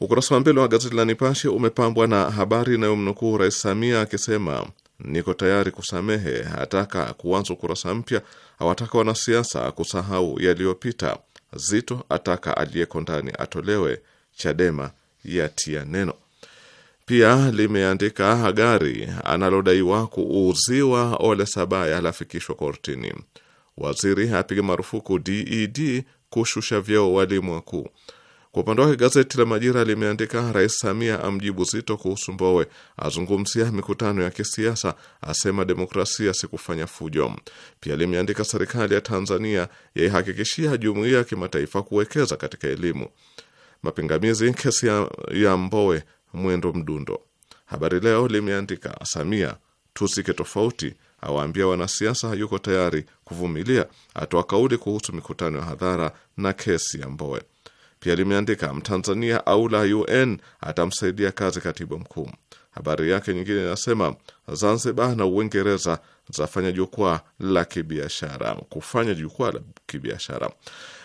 Ukurasa wa mbele wa gazeti la Nipashe umepambwa na habari inayomnukuu Rais Samia akisema niko tayari kusamehe. Hataka kuanza ukurasa mpya, hawataka wanasiasa kusahau yaliyopita. Zito ataka aliyeko ndani atolewe. Chadema yatia neno. Pia limeandika gari analodaiwa kuuziwa Ole Sabaya lafikishwa kortini. Waziri apiga marufuku DED e kushusha vyeo walimu wakuu. Kwa upande wake gazeti la Majira limeandika Rais Samia amjibu Zito kuhusu Mbowe, azungumzia mikutano ya kisiasa, asema demokrasia si kufanya fujo. Pia limeandika serikali ya Tanzania yaihakikishia jumuiya ya kimataifa kuwekeza katika elimu, mapingamizi kesi ya, ya Mbowe mwendo mdundo. Habari Leo limeandika Samia tusike tofauti, awaambia wanasiasa yuko tayari kuvumilia, atoa kauli kuhusu mikutano ya hadhara na kesi ya Mbowe. Pia limeandika Mtanzania aula UN atamsaidia kazi katibu mkuu. Habari yake nyingine inasema Zanzibar na Uingereza zafanya jukwaa la kibiashara kufanya jukwaa la kibiashara.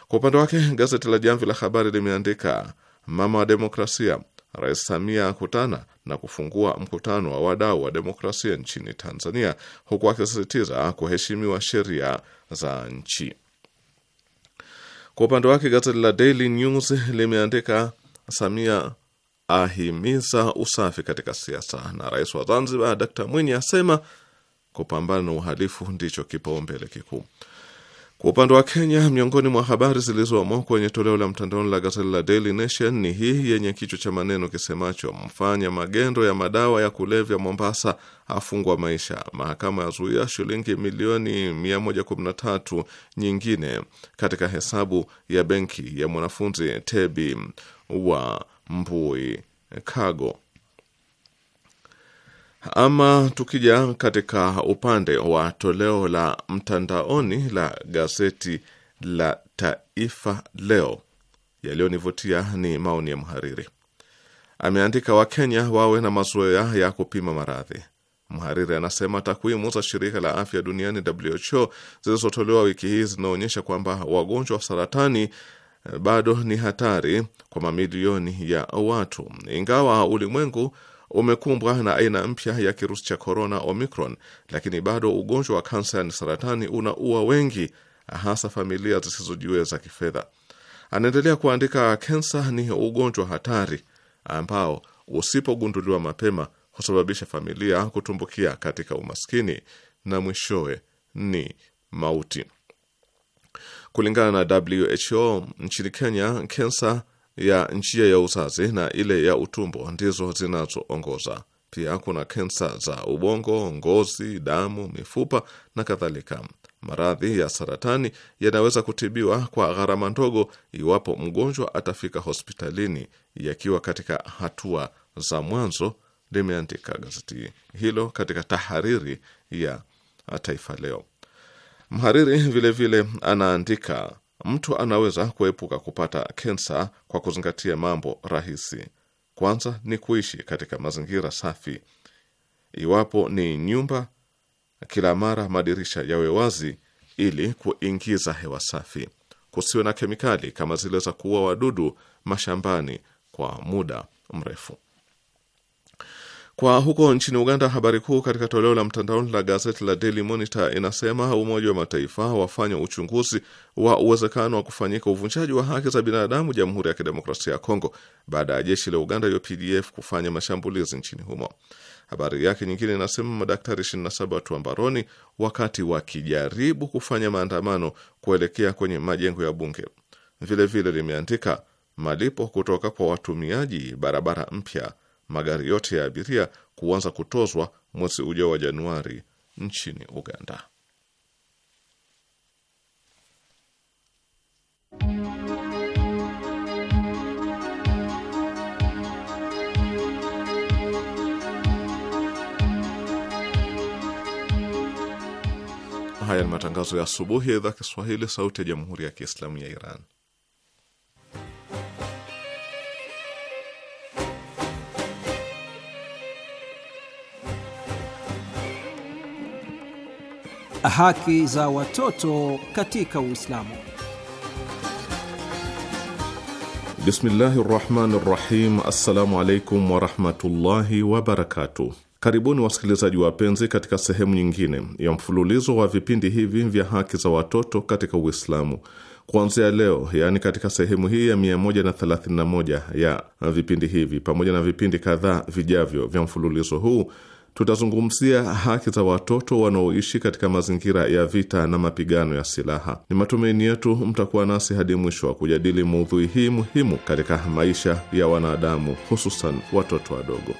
Kwa upande wake gazeti la Jamvi la Habari limeandika mama wa demokrasia, Rais Samia akutana na kufungua mkutano wa wadau wa demokrasia nchini Tanzania, huku akisisitiza kuheshimiwa sheria za nchi. Kwa upande wake gazeti la Daily News limeandika Samia ahimiza usafi katika siasa, na rais wa Zanzibar Dkt Mwinyi asema kupambana na uhalifu ndicho kipaumbele kikuu. Kwa upande wa Kenya, miongoni mwa habari zilizomo kwenye toleo la mtandaoni la gazeti la Daily Nation ni hii yenye kichwa cha maneno kisemacho mfanya magendo ya madawa ya kulevya Mombasa afungwa maisha, mahakama yazuia shilingi milioni 113 nyingine katika hesabu ya benki ya mwanafunzi Tebi wa Mbui Kago. Ama tukija katika upande wa toleo la mtandaoni la gazeti la Taifa Leo, yaliyonivutia ni maoni ya mhariri. Ameandika Wakenya wawe na mazoea ya kupima maradhi. Mhariri anasema takwimu za shirika la afya duniani WHO zilizotolewa wiki hii zinaonyesha kwamba wagonjwa wa saratani eh, bado ni hatari kwa mamilioni ya watu, ingawa ulimwengu umekumbwa na aina mpya ya kirusi cha korona Omicron, lakini bado ugonjwa wa kansa ni saratani unaua wengi, hasa familia zisizojiweza kifedha. Anaendelea kuandika, kensa ni ugonjwa hatari ambao usipogunduliwa mapema husababisha familia kutumbukia katika umaskini na mwishowe ni mauti. Kulingana na WHO nchini Kenya, kensa ya njia ya uzazi na ile ya utumbo ndizo zinazoongoza. Pia kuna kensa za ubongo, ngozi, damu, mifupa na kadhalika. Maradhi ya saratani yanaweza kutibiwa kwa gharama ndogo iwapo mgonjwa atafika hospitalini yakiwa katika hatua za mwanzo, limeandika gazeti hilo katika tahariri ya Taifa Leo. Mhariri vilevile vile anaandika Mtu anaweza kuepuka kupata kensa kwa kuzingatia mambo rahisi. Kwanza ni kuishi katika mazingira safi. Iwapo ni nyumba, kila mara madirisha yawe wazi ili kuingiza hewa safi. Kusiwe na kemikali kama zile za kuua wadudu mashambani kwa muda mrefu. Kwa huko nchini Uganda, habari kuu katika toleo la mtandaoni la gazeti la Daily Monitor inasema Umoja wa Mataifa wafanya uchunguzi wa uwezekano wa kufanyika uvunjaji wa haki za binadamu Jamhuri ya Kidemokrasia ya Kongo baada ya jeshi la Uganda UPDF kufanya mashambulizi nchini humo. Habari yake nyingine inasema madaktari 27 watiwa mbaroni wakati wakijaribu kufanya maandamano kuelekea kwenye majengo ya bunge. Vilevile limeandika malipo kutoka kwa watumiaji barabara mpya magari yote ya abiria kuanza kutozwa mwezi ujao wa Januari nchini Uganda. Haya ni matangazo ya asubuhi ya idhaa Kiswahili, sauti ya jamhuri ya kiislamu ya Iran. Haki za watoto katika Uislamu. Bismillahi rahmani rahim. Assalamu alaikum warahmatullahi wabarakatu. Karibuni wasikilizaji wapenzi, katika sehemu nyingine ya mfululizo wa vipindi hivi vya haki za watoto katika Uislamu. Kuanzia leo, yaani katika sehemu hii ya 131 ya vipindi hivi pamoja na vipindi kadhaa vijavyo vya mfululizo huu tutazungumzia haki za watoto wanaoishi katika mazingira ya vita na mapigano ya silaha. Ni matumaini yetu mtakuwa nasi hadi mwisho wa kujadili maudhui hii muhimu katika maisha ya wanadamu, hususan watoto wadogo.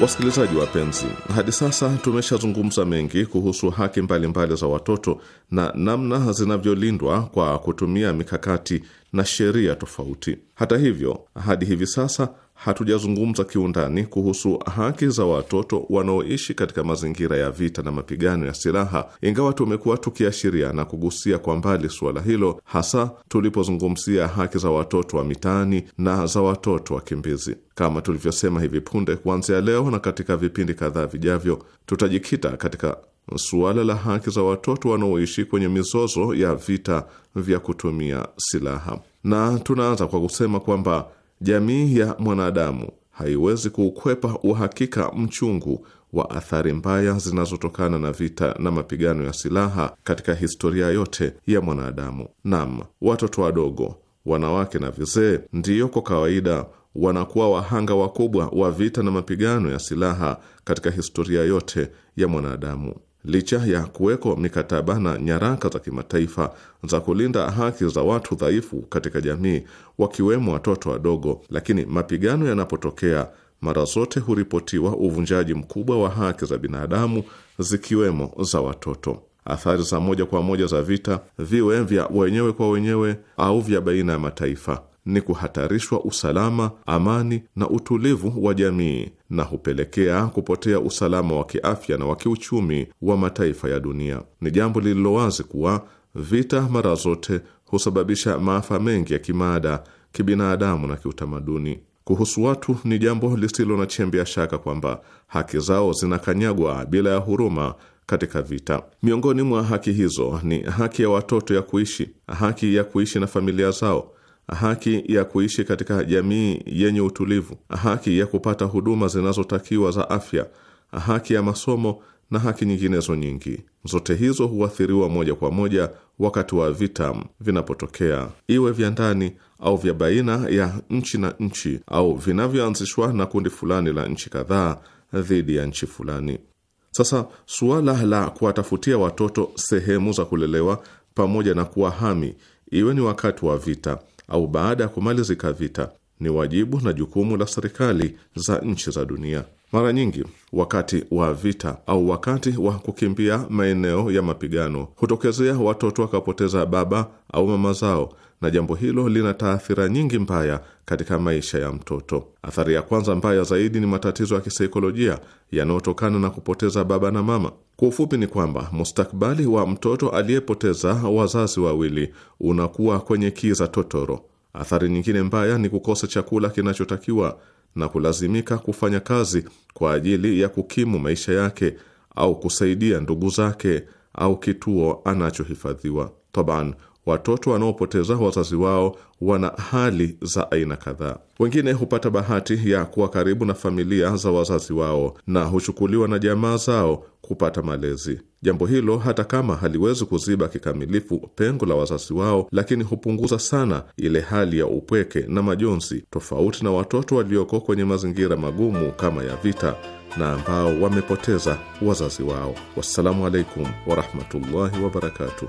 Wasikilizaji wapenzi, hadi sasa tumeshazungumza mengi kuhusu haki mbalimbali mbali za watoto na namna zinavyolindwa kwa kutumia mikakati na sheria tofauti. Hata hivyo, hadi hivi sasa hatujazungumza kiundani kuhusu haki za watoto wanaoishi katika mazingira ya vita na mapigano ya silaha, ingawa tumekuwa tukiashiria na kugusia kwa mbali suala hilo, hasa tulipozungumzia haki za watoto wa mitaani na za watoto wakimbizi. Kama tulivyosema hivi punde, kuanzia leo na katika vipindi kadhaa vijavyo, tutajikita katika suala la haki za watoto wanaoishi kwenye mizozo ya vita vya kutumia silaha. Na tunaanza kwa kusema kwamba jamii ya mwanadamu haiwezi kuukwepa uhakika mchungu wa athari mbaya zinazotokana na vita na mapigano ya silaha katika historia yote ya mwanadamu. Naam, watoto wadogo, wanawake na vizee ndiyo kwa kawaida wanakuwa wahanga wakubwa wa vita na mapigano ya silaha katika historia yote ya mwanadamu licha ya kuweko mikataba na nyaraka za kimataifa za kulinda haki za watu dhaifu katika jamii, wakiwemo watoto wadogo, lakini mapigano yanapotokea mara zote huripotiwa uvunjaji mkubwa wa haki za binadamu zikiwemo za watoto. Athari za moja kwa moja za vita, viwe vya wenyewe kwa wenyewe au vya baina ya mataifa, ni kuhatarishwa usalama, amani na utulivu wa jamii na hupelekea kupotea usalama wa kiafya na wa kiuchumi wa mataifa ya dunia. Ni jambo lililo wazi kuwa vita mara zote husababisha maafa mengi ya kimaada, kibinadamu na kiutamaduni. Kuhusu watu, ni jambo lisilo na chembe ya shaka kwamba haki zao zinakanyagwa bila ya huruma katika vita. Miongoni mwa haki hizo ni haki ya watoto ya kuishi, haki ya kuishi na familia zao, haki ya kuishi katika jamii yenye utulivu, haki ya kupata huduma zinazotakiwa za afya, haki ya masomo na haki nyinginezo nyingi. Zote hizo huathiriwa moja kwa moja wakati wa vita vinapotokea, iwe vya ndani au vya baina ya nchi na nchi, au vinavyoanzishwa na kundi fulani la nchi kadhaa dhidi ya nchi fulani. Sasa suala la kuwatafutia watoto sehemu za kulelewa pamoja na kuwahami, iwe ni wakati wa vita au baada ya kumalizika vita ni wajibu na jukumu la serikali za nchi za dunia. Mara nyingi wakati wa vita au wakati wa kukimbia maeneo ya mapigano, hutokezea watoto wakapoteza baba au mama zao na jambo hilo lina taathira nyingi mbaya katika maisha ya mtoto. Athari ya kwanza mbaya zaidi ni matatizo ya kisaikolojia yanayotokana na kupoteza baba na mama. Kwa ufupi, ni kwamba mustakbali wa mtoto aliyepoteza wazazi wawili unakuwa kwenye kiza totoro. Athari nyingine mbaya ni kukosa chakula kinachotakiwa na kulazimika kufanya kazi kwa ajili ya kukimu maisha yake au kusaidia ndugu zake au kituo anachohifadhiwa. Taban, watoto wanaopoteza wazazi wao wana hali za aina kadhaa. Wengine hupata bahati ya kuwa karibu na familia za wazazi wao na huchukuliwa na jamaa zao kupata malezi. Jambo hilo hata kama haliwezi kuziba kikamilifu pengo la wazazi wao, lakini hupunguza sana ile hali ya upweke na majonzi, tofauti na watoto walioko kwenye mazingira magumu kama ya vita na ambao wamepoteza wazazi wao. Wassalamu alaikum warahmatullahi wabarakatuh.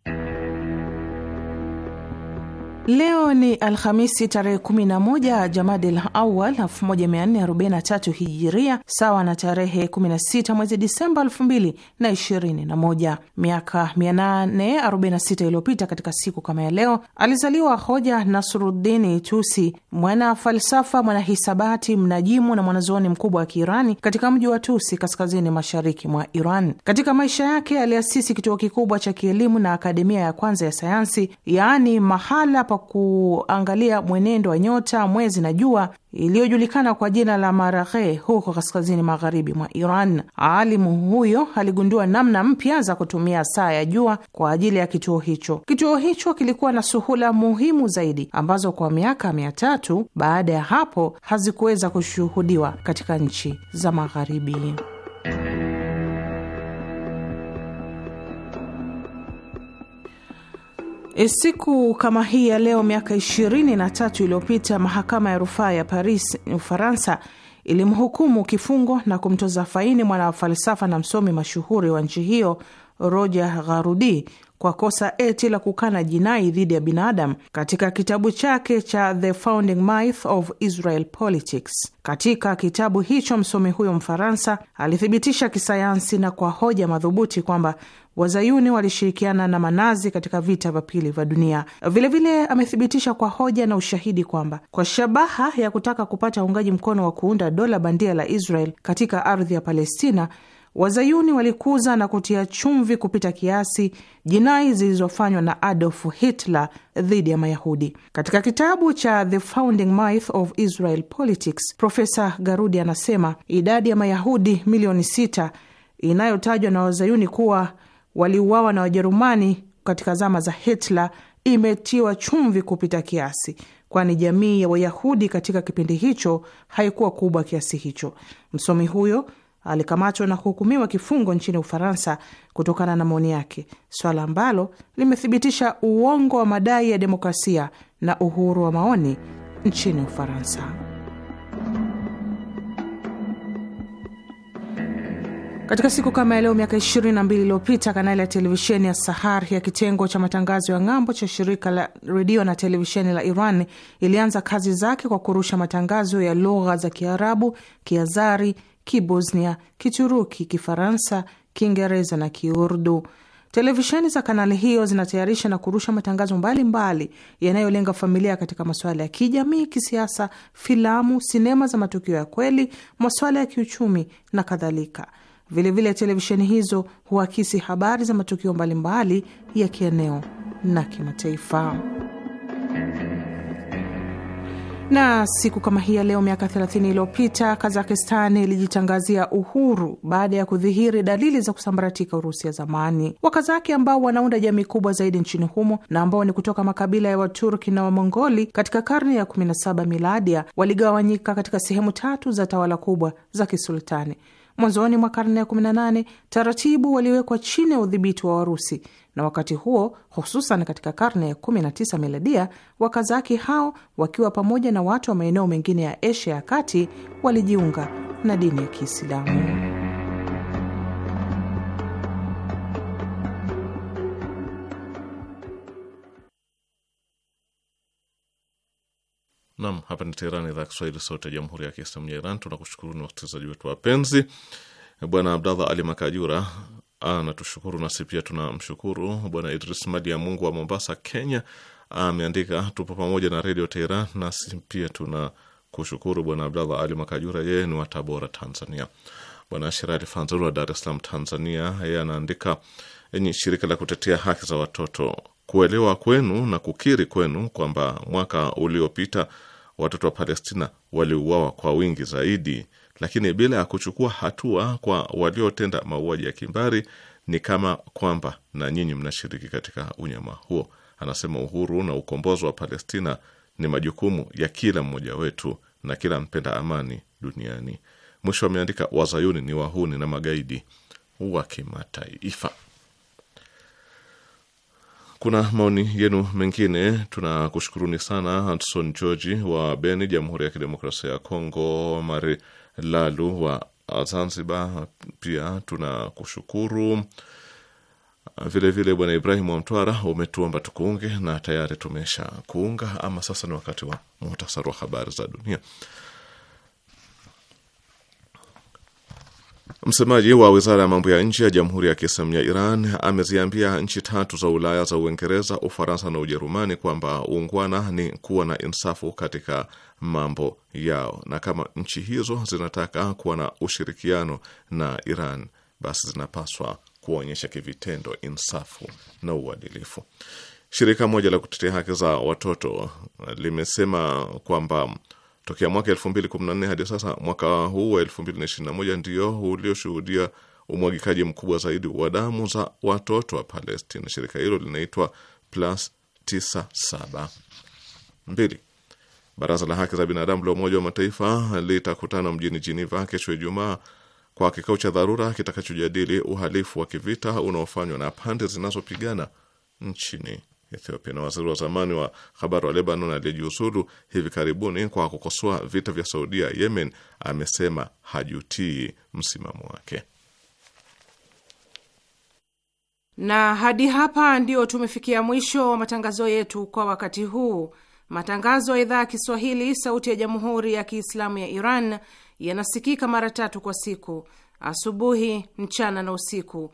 Leo ni Alhamisi tarehe 11 Jamadil Awal 1443 Hijiria, sawa na tarehe 16 mwezi Disemba 2021. Miaka 846 iliyopita katika siku kama ya leo alizaliwa hoja Nasruddini Tusi, mwana falsafa, mwanahisabati, mnajimu na mwanazuoni mkubwa wa Kiirani katika mji wa Tusi kaskazini mashariki mwa Iran. Katika maisha yake aliasisi kituo kikubwa cha kielimu na akademia ya kwanza ya sayansi, yaani mahala pa kuangalia mwenendo wa nyota, mwezi na jua iliyojulikana kwa jina la Maraghe huko kaskazini magharibi mwa Iran. Alimu huyo aligundua namna mpya za kutumia saa ya jua kwa ajili ya kituo hicho. Kituo hicho kilikuwa na suhula muhimu zaidi ambazo kwa miaka mia tatu baada ya hapo hazikuweza kushuhudiwa katika nchi za magharibi. E, siku kama hii ya leo miaka 23 iliyopita mahakama ya rufaa ya Paris, Ufaransa, ilimhukumu kifungo na kumtoza faini mwana wa falsafa na msomi mashuhuri wa nchi hiyo Roger Gharudi kwa kosa eti la kukana jinai dhidi ya binadamu katika kitabu chake cha The Founding Myth of Israel Politics. Katika kitabu hicho, msomi huyo Mfaransa alithibitisha kisayansi na kwa hoja madhubuti kwamba wazayuni walishirikiana na manazi katika vita vya pili vya dunia. Vilevile amethibitisha kwa hoja na ushahidi kwamba kwa shabaha ya kutaka kupata uungaji mkono wa kuunda dola bandia la Israel katika ardhi ya Palestina, Wazayuni walikuza na kutia chumvi kupita kiasi jinai zilizofanywa na Adolf Hitler dhidi ya Mayahudi. Katika kitabu cha The Founding Myth of Israel Politics, Profesa Garudi anasema idadi ya Mayahudi milioni sita inayotajwa na Wazayuni kuwa waliuawa na Wajerumani katika zama za Hitler imetiwa chumvi kupita kiasi kwani jamii ya Wayahudi katika kipindi hicho haikuwa kubwa kiasi hicho. Msomi huyo alikamatwa na kuhukumiwa kifungo nchini Ufaransa kutokana na maoni yake, swala ambalo limethibitisha uongo wa madai ya demokrasia na uhuru wa maoni nchini Ufaransa. Katika siku kama ya leo miaka 22 iliyopita kanali ya televisheni ya Sahar ya kitengo cha matangazo ya ng'ambo cha shirika la redio na televisheni la Iran ilianza kazi zake kwa kurusha matangazo ya lugha za Kiarabu, Kiazari, Kibosnia, Kituruki, Kifaransa, Kiingereza na Kiurdu. Televisheni za kanali hiyo zinatayarisha na kurusha matangazo mbalimbali yanayolenga familia katika masuala ya kijamii, kisiasa, filamu, sinema za matukio ya kweli, masuala ya kiuchumi na kadhalika. Vilevile, televisheni hizo huakisi habari za matukio mbalimbali ya kieneo na kimataifa. Na siku kama hii ya leo miaka 30 iliyopita Kazakistan ilijitangazia uhuru baada ya kudhihiri dalili za kusambaratika Urusi ya zamani. Wakazaki ambao wanaunda jamii kubwa zaidi nchini humo na ambao ni kutoka makabila ya Waturki na Wamongoli katika karne ya 17 miladia waligawanyika katika sehemu tatu za tawala kubwa za kisultani. Mwanzoni mwa karne ya 18 taratibu waliwekwa chini ya udhibiti wa Warusi, na wakati huo hususan katika karne ya 19 miladia, Wakazaki hao wakiwa pamoja na watu wa maeneo mengine ya Asia ya kati walijiunga na dini ya Kiislamu. Nam, hapa ni Teheran, idhaa Kiswahili, sauti ya jamhuri ya kiislamu ya Iran. Tunakushukuru ni wasikilizaji wetu wapenzi. Bwana Abdallah Ali Makajura anatushukuru, nasi pia tunamshukuru. Bwana Idris Mali ya Mungu wa Mombasa, Kenya, ameandika tupo pamoja na redio Teheran, nasi pia tuna kushukuru. Bwana Abdallah Ali Makajura, yeye ni wa Tabora, Tanzania. Bwana Ashirali Fanzuru wa Dar es Salaam, Tanzania, yeye anaandika enyi shirika la kutetea haki za watoto, kuelewa kwenu na kukiri kwenu kwamba mwaka uliopita watoto wa Palestina waliuawa kwa wingi zaidi, lakini bila ya kuchukua hatua kwa waliotenda mauaji ya kimbari, ni kama kwamba na nyinyi mnashiriki katika unyama huo. Anasema uhuru na ukombozi wa Palestina ni majukumu ya kila mmoja wetu na kila mpenda amani duniani. Mwisho ameandika, wazayuni ni wahuni na magaidi wa kimataifa. Kuna maoni yenu mengine, tunakushukuruni sana. Anson Georgi wa Beni, Jamhuri ya Kidemokrasia ya Kongo, Mari Lalu wa Zanzibar, pia tunakushukuru vilevile. Bwana Ibrahimu wa Mtwara, umetuomba tukuunge na tayari tumesha kuunga, ama sasa ni wakati wa muhtasari wa habari za dunia. Msemaji wa wizara ya mambo ya nje ya Jamhuri ya Kiislamu ya Iran ameziambia nchi tatu za Ulaya za Uingereza, Ufaransa na Ujerumani kwamba uungwana ni kuwa na insafu katika mambo yao, na kama nchi hizo zinataka kuwa na ushirikiano na Iran, basi zinapaswa kuonyesha kivitendo insafu na uadilifu. Shirika moja la kutetea haki za watoto limesema kwamba Tokea mwaka 2014 hadi sasa, mwaka huu wa 2021 ndio ulioshuhudia umwagikaji mkubwa zaidi wa damu za watoto wa Palestina. Shirika hilo linaitwa Plus mbili. Baraza la Haki za Binadamu la Umoja wa Mataifa litakutana mjini Jiniva kesho Ijumaa kwa kikao cha dharura kitakachojadili uhalifu wa kivita unaofanywa na pande zinazopigana nchini Ethiopia. Na waziri wa zamani wa habari wa Lebanon aliyejiuzulu hivi karibuni kwa kukosoa vita vya Saudia Yemen amesema hajutii msimamo wake. Na hadi hapa ndio tumefikia mwisho wa matangazo yetu kwa wakati huu. Matangazo ya idhaa ya Kiswahili sauti ya jamhuri ya Kiislamu ya Iran yanasikika mara tatu kwa siku: asubuhi, mchana na usiku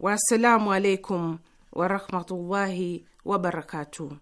Wassalamu alaikum warahmatullahi wabarakatu.